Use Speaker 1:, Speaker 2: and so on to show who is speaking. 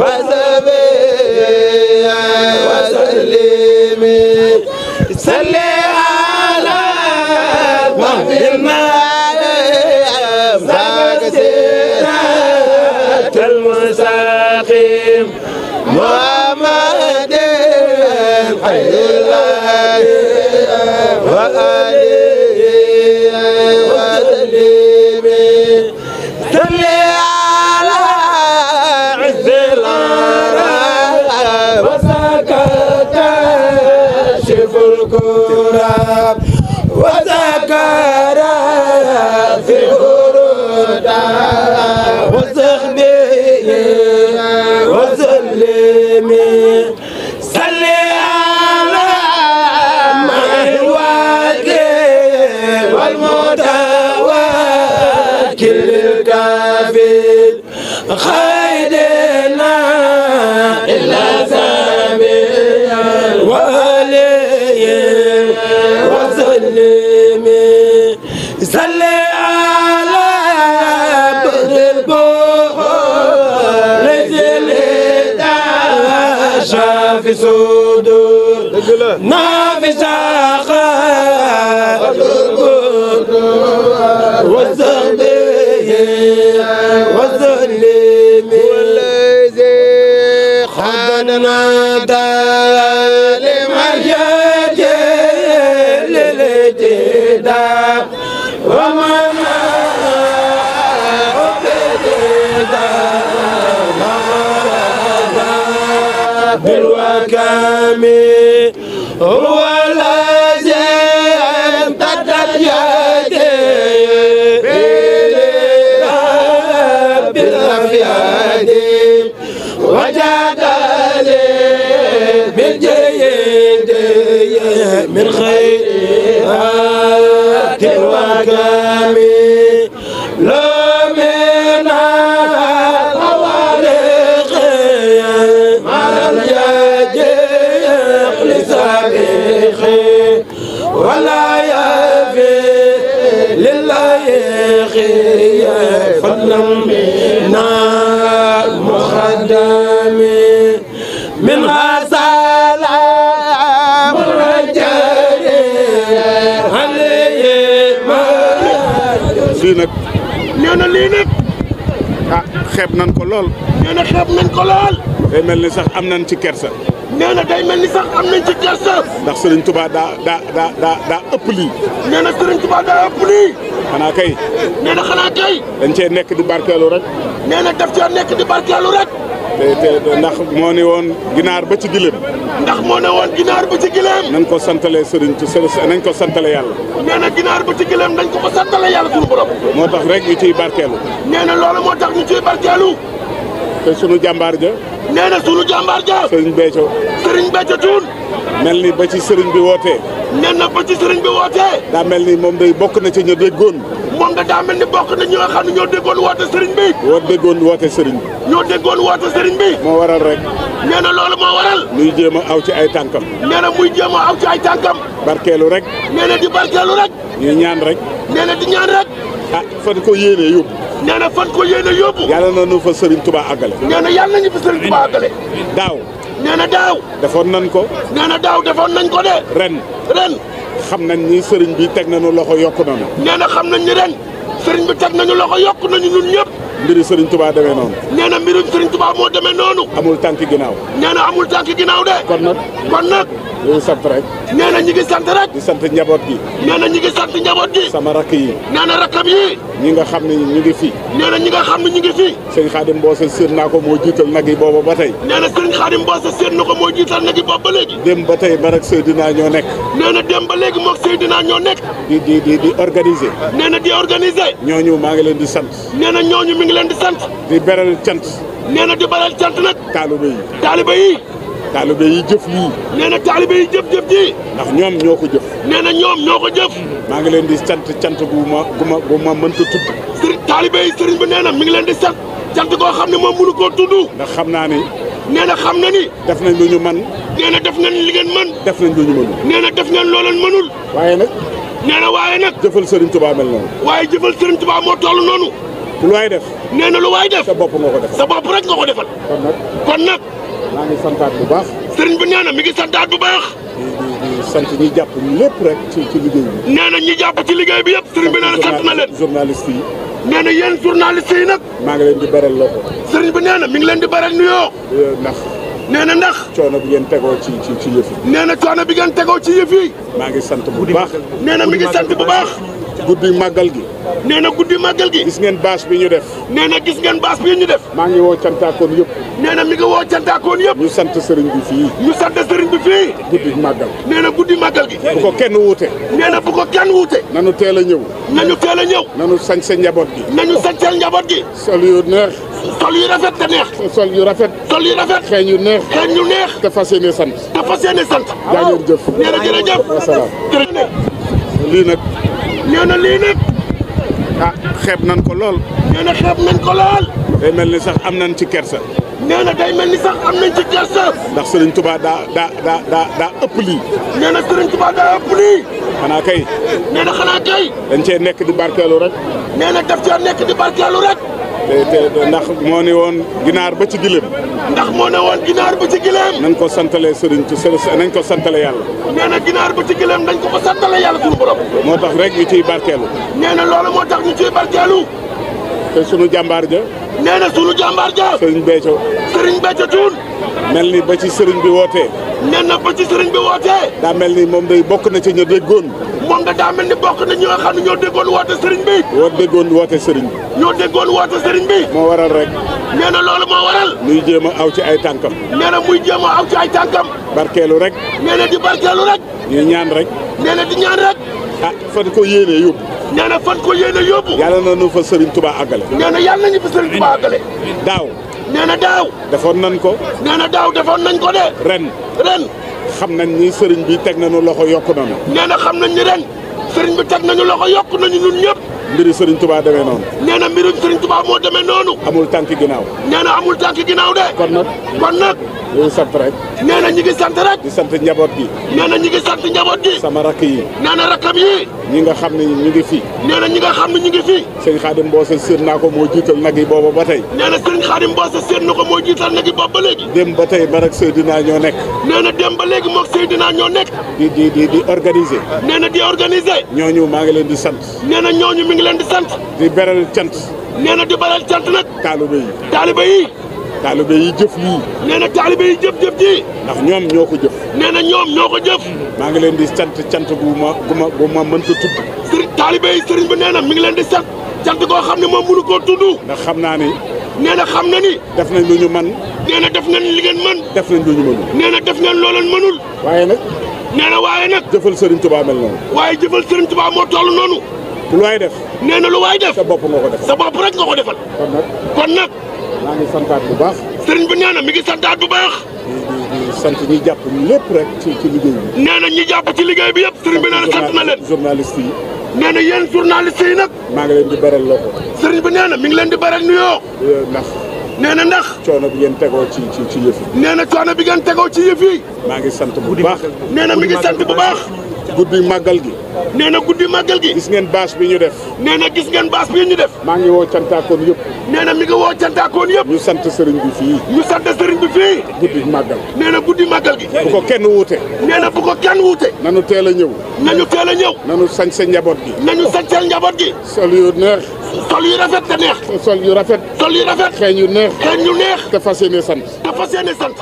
Speaker 1: وسلمي سلم كل الكافر خيرنا إلا ثابت وآلي وسلم سلم في صدور نافذة خاطر قد نادى لمجد للجدار ومن بالوكام هو لا من غير
Speaker 2: lépp na lii nag ah xeeb nañ ko lool nee na xeeb ko lool day mel ni sax am nañ ci kersa nee na day mel ni sax am nañ ci kersa ndax Serigne Touba daa daa daa daa ëpp lii nee na Serigne Touba daa ëpp lii xanaa kay nee xanaa kay dañ cee nekk di barkeelu rek nee na daf cee nekk di barkeelu rek ndax moo ne woon ginaar ba ci gileem. ndax moo ne woon ginaar ba ci gileem. nañ ko santalee sëriñ ci sëriñ nañ ko santale yàlla. nee na ginaar ba ci gileem nañ ko ko santale yàlla suñu borom. moo tax rek ñu ciy barkeelu. nee na loolu moo tax ñu ciy barkeelu. te sunu jàmbaar ja. nee na sunu jàmbaar ja. sëriñ Béthio. sëriñ Béthio Thioune. mel ni ba ci sëriñ bi woote nee ba ci sëriñ bi wootee. daa mel ni moom day bokk na ci ña déggoon. moom da daa mel ni bokk ñi nga ñoo sëriñ bi. woo déggoon woote sëriñ bi. ñoo déggoon woote sëriñ bi. waral rek. nee loolu waral. muy a aw ci ay tànkam. nee muy a aw ci ay tànkam. barkeelu rek. nee di barkeelu rek. ñuy ñaan rek. di ñaan rek. ah fan ko yéenee yóbbu. nee fan ko yéenee yóbbu. yàlla na nu fa sëriñ Touba àggale. nee na yàlla fa sëriñ Touba àggale. daaw. nee daaw. defoon nañ ko. nee daaw defoon nañ ko de. ren ren. xam nañ nii sëriñ bi teg nañu loxo yokk nañu. nee na xam nañ ni ren sëriñ bi teg nañu loxo yokku nañu ñun ñëpp. mbiri Serigne Touba demee noonu. nee na mbirum Serigne Touba moo demee noonu. amul tànk ginnaaw. nee na amul tànk ginnaaw de. kon nag kon nag. ñu sant rek. nee ñi ngi sant rek. di sant njaboot gi. nee na ñi ngi sant njaboot gi. sama rakk yi. nee na rakkam yi. ñi nga xam ne ñu ngi fi. nee na ñi nga xam ne ñu ngi fi. sëñ Xaadim Mboose séen naa ko moo jiital nag yi booba ba tey. nee na sëñ Xaadim Mboose séen na ko moo jiital nag yi boobu ba léegi. dem ba tey man ak Seydina ñoo nekk. nee na dem ba léegi moog Seydina ñoo nekk. di maa ngi leen di sant. mi ngi leen di sant. di beral cant. nee na di beral cant nag. taalibe yi. taalibe yi. taalibe yi jëf lii. nee na taalibe yi jëf jëf ji. ndax ñoom ñoo ko jëf. nee na ñoom ñoo ko jëf. maa ngi leen di sant cant gu ma gu ma gu ma mënta tudd. sëriñ taalibe yi sëriñ bi nee na mi ngi leen di sant. cant koo xam ne moom mënu koo tudd. ndax xam naa ni. nee na xam na ni. def nañ lu ñu man nee na def nañ li ngeen mën. def nañ lu ñu mënul. nee na def nañ loo leen mënul. waaye nag. nee na waaye nag. jëfal Serigne Touba mel noonu. waaye jëfal Serigne Touba moo toll noonu. lu waay def. nee na lu waay def. sa bopp nga ko defal sa bopp rek nga ko defal. kon nag kon nag. maa ngi santaat bu baax. sëriñ bi nee mi ngi santaat bu baax. di sant ñi jàpp lépp rek ci ci liggéey bi. na ñi jàpp ci liggéey bi yëpp. sëriñ bi nee na sant na leen journaliste yi. nee na yéen yi nag. maa ngi leen di beral loxo. sëriñ bi nee na mi ngi leen di beral nuyoo. ndax. nee na ndax. coono bi ngeen tegoo ci ci ci yëf yi. nee na coono bi ngeen tegoo ci yëf maa ngi sant bu baax. nee na mi ngi sant bu baax. guddi màggal gi nee na guddi màggal gi gis ngeen bâche bi ñu def nee na gis ngeen bâche bi ñu def maa ngi woo cantaakoon yëpp nee na mi ngi woo cantaakoon yëpp ñu sant sëriñ bi fii ñu sant sëriñ bi fii guddi màggal nee na guddi màggal gi bu ko kenn wuute nee na bu ko kenn wuute nanu teel a ñëw nañu teel a ñëw nanu sañ sa njaboot gi nañu sañ sa njaboot gi sol yu neex sol yu rafet te sol yu rafet sol yu rafet xeeñ yu neex xeeñ yu neex te sant te fas yéene sant jaa na nee na lii nag. ah nan ko lool. nee na nan ko lool. day mel ni sax am nañ ci kersa. nee day mel ni sax am nañ ci kersa. ndax Serigne Touba daa daa daa daa daa ëpp lii. nee na Serigne Touba daa ëpp lii. xanaa kay. nee xanaa kay. dañ cee nekk di barkeelu rek. nee na daf cee nekk di barkeelu rek. te ndax moo ne woon ginaar ba ci gileem. ndax moo ne woon ginaar ba ci gileem. nañ ko santalee sëriñ ci së nañ ko santalee yàlla. nee na ginaar ba ci gileem nañ ko ko yàlla suñu borom. moo tax rek ñu ciy barkeelu. nee na loolu moo tax ñu ciy barkeelu. te sunu jàmbaar ja. nee na sunu jàmbaar ja. sëriñ Béthio. sëriñ Béthio Thioune. mel ni ba ci sëriñ bi woote nee na ba ci sëriñ bi wootee. daa mel ni moom day bokk na ci ña déggoon. moom da daa mel bokk na ñoo sëriñ bi. woo déggoon woote sëriñ ñoo déggoon woote sëriñ bi. moo waral rek. nee loolu moo waral. muy jéem aw ci ay tànkam. muy aw ci ay tànkam. rek. di barkeelu rek. ñuy ñaan rek. di ñaan rek. ah fan ko yéenee yóbbu. nee na ko yéenee yóbbu. yàlla na nu fa sëriñ Touba àggale. nee na yàlla fa sëriñ Touba àggale. daaw. nee na daaw. nañ ko. nee na daaw nañ ko de. ren ren. xam nañ ni sëriñ bi teg nañu loxo yokk nañu. nee na xam nañ ni ren sëriñ bi teg nañu loxo yokk nañu ñun ñëpp. mbiri Serigne Touba demee noonu. nee na mbirum Serigne Touba moo demee noonu. amul tànk ginnaaw. nee na amul tànk ginnaaw de. kon nag kon nag. ñu ngi sant rek. nee na ñu sant rek. di sant njaboot gi. nee na ñu ngi sant njaboot gi. sama rakk yi. nee na rakkam yi. ñi nga xam ne ñu ngi fi. nee na ñi nga xam ne ñu ngi fi. sëñ Xaadim Mboose séen naa ko moo jiital nag booba ba tey. nee na sëñ Xaadim Mboose na ko moo jiital nag yi boobu ba léegi. dem ba tey man ak Seydina ñoo nekk. nee na dem ba léegi moog Seydina ñoo nekk. di maa ngi leen di sant. ngi leen di sant. di beral cant. nee na di beral cant nag. taalibe yi. taalibe yi. taalibe yi jëf lii. nee na taalibe yi jëf-jëf ji. ndax ñoom ñoo ko jëf. nee na ñoom ñoo ko jëf. maa ngi leen di sant cant bu ma bu ma bu ma mënta tudd. sëriñ taalibe yi sëriñ bi nee na mi ngi leen di sant. cant koo xam ne moom mënu koo tudd. ndax xam naa ni. nee na xam na ni. def nañ lu ñu man nee na def nañ li ngeen mën. def nañ lu ñu mënul. nee na def nañ loo leen mënul. waaye nag. nee na waaye nag. jëfal sëriñ Tuubaa mel noonu. waaye jëfal sëriñ Tuubaa moo toll noonu. lu waay def. nee na lu waay def. sa bopp nga ko defal sa bopp rek nga ko defal. kon nag kon nag. maa ngi santaat bu baax. sëriñ bi nee na mi ngi santaat bu baax. di sant ñi jàpp lépp rek ci ci liggéey bi. nee na jàpp ci liggéey bi yëpp. sëriñ bi nee na sant na leen journaliste yi. nee na yéen journaliste yi nag. maa ngi leen di baral loxo. sëriñ bi nee na mi ngi leen di baral nuyoo. ndax. nee na ndax. coono bi ngeen tegoo ci ci ci yëf yi. nee na bi ngeen tegoo ci yëf maa ngi sant bu baax. nee na mi ngi sant bu baax. guddi màggal gi nee na guddi màggal gi gis ngeen bâche bi ñu def nee na gis ngeen bâche bi ñu def maa ngi woo cantaakoon yëpp nee na mi ngi woo cantaakoon yëpp ñu sant sëriñ bi fii ñu sant sëriñ bi fii guddi màggal nee na guddi màggal gi bu ko kenn wuute nee na ko kenn wuute nanu teel a ñëw nañu teel a ñëw nanu sañ sa njaboot gi nañu sañ sa njaboot gi sol yu neex sol yu rafet te neex sol yu rafet sol yu rafet xeeñ yu neex xeeñ yu neex te fas sant